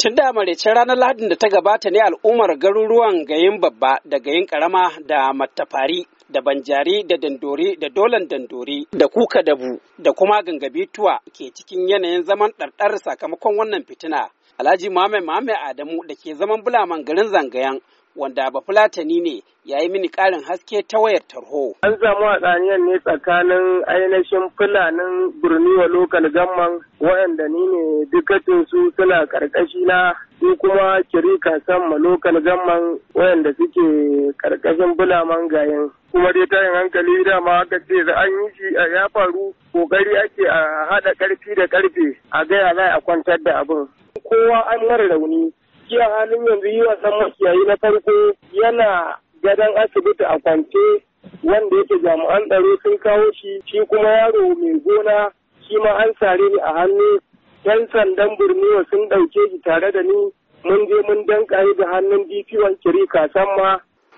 Tun da maraicen ranar Lahadin da ta gabata ne al'ummar garuruwan gayin babba da gayin karama da matafari da banjari da dandori da dolan dandori da kuka da bu da kuma gangabituwa ke cikin yanayin zaman ɗarɗar sakamakon wannan fitina. Alhaji Muhammad Muhammad Adamu da ke zaman bulaman garin zangayan wanda ba Fulatani ne ya yi mini ƙarin haske ta wayar tarho. An samu hatsaniyar ne tsakanin ainihin Fulanin Burniwa lokal gamman waɗanda ni ne su suna ƙarƙashi na su kuma kirika ma lokal gamman wayanda suke ƙarƙashin Fulaman gayen. Kuma dai tayin hankali dama haka ce da an yi shi ya faru kokari ake a haɗa ƙarfi da ƙarfe a gaya za a kwantar da abin. Kowa an mara rauni gaskiya halin yanzu yi wasan makiyayi na farko yana gadon asibiti a kwance wanda yake jami'an tsaro sun kawo shi shi kuma yaro mai gona shi ma an sare ni a hannu yan sandan burniwa sun ɗauke shi tare da ni mun je mun danka da hannun dp wan kiri kasan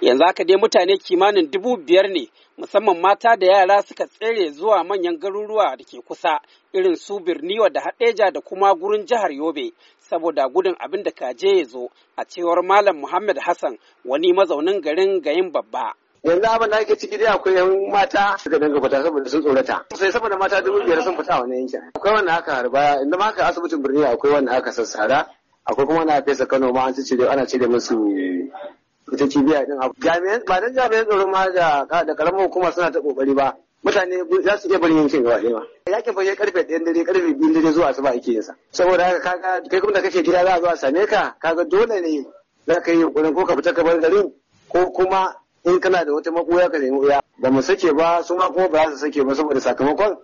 yanzu haka dai mutane kimanin dubu biyar ne musamman mata da yara suka tsere zuwa manyan garuruwa da ke kusa irin su birniwa da haɗeja da kuma gurin jihar yobe saboda gudun abin da kaje ya zo a cewar malam muhammad hassan wani mazaunin garin gayin babba yanzu abin da ake ciki dai akwai yan mata suka dinga fita saboda sun tsorata sai saboda mata dubu biyar sun fita a wani yankin akwai wanda aka harba inda ma aka asibitin birni akwai wanda aka sassara akwai kuma na fesa kano ma an ci ana cire musu ita cibiya biya din abu jami'an ba dan jami'an tsaro ma da da karamar hukuma suna ta kokari ba mutane za su iya barin yankin gaba ɗaya yakin fage karfe ɗayan dare karfe biyun dare zuwa ba ake yin sa saboda haka kaga kai kuma da kake gida za a zo a same ka kaga dole ne za ka yi yunkurin ko ka fita ka bar garin ko kuma in kana da wata makuya ka nemi uya ba mu sake ba su ma kuma ba za su sake ba saboda sakamakon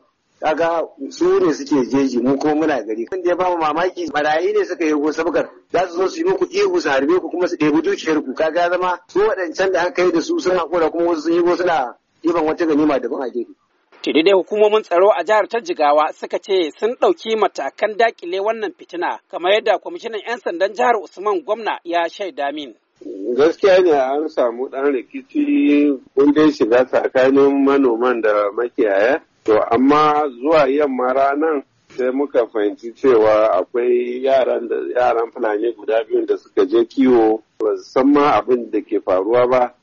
kaga su ne suke jeji mu ko muna gari kan da ya bamu mamaki marayu ne suka yi sabgar za su zo su yi muku ihu su harbe ku kuma su ɗebi dukiyar ku kaga zama su waɗancan da aka yi da su sun hakura kuma wasu sun yi suna ɗiban wata ganima daban a gefe. Tidi dai hukumomin tsaro a jihar ta Jigawa suka ce sun ɗauki matakan dakile wannan fitina kamar yadda kwamishinan 'yan sandan jihar Usman gwamna ya shaida min. gaskiya ne an samu ɗan rikici kundin shiga tsakanin manoman da makiyaya To amma zuwa yamma ranar sai muka fahimci cewa akwai yaran da yaran fulani guda biyu da suka je kiwo ba su san ma abin da ke faruwa ba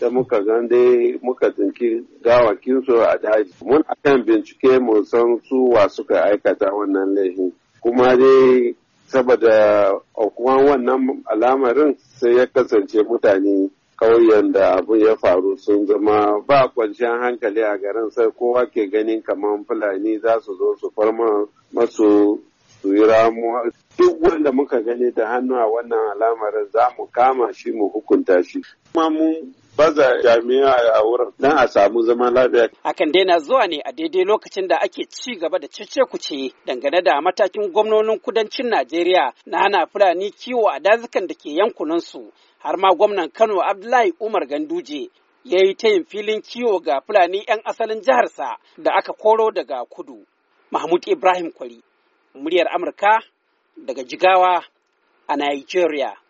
da muka gan dai muka tsinki gawakin su a daji mun akan bincike mu san su wa suka aikata wannan laifin kuma dai saboda aukuwan wannan alamarin sai ya kasance mutane ƙauyen da abu ya faru sun zama ba kwanciyar hankali a garin sai kowa ke ganin kamar fulani za su zo su farma masu su yi duk wanda muka gani da hannu a wannan alamar za mu kama shi mu hukunta shi kuma mun baza jami'a a wurin don a samu zaman lafiya. Hakan dai na zuwa ne a daidai lokacin da ake ci gaba da cece kuce dangane da matakin gwamnonin kudancin Najeriya na hana Fulani kiwo a dazukan da ke yankunansu har ma gwamnan Kano Abdullahi Umar Ganduje ya yi yin filin kiwo ga Fulani 'yan asalin jiharsa da aka koro daga kudu. Mahmud Ibrahim Kwari. muryar Amurka daga Jigawa a Nigeria.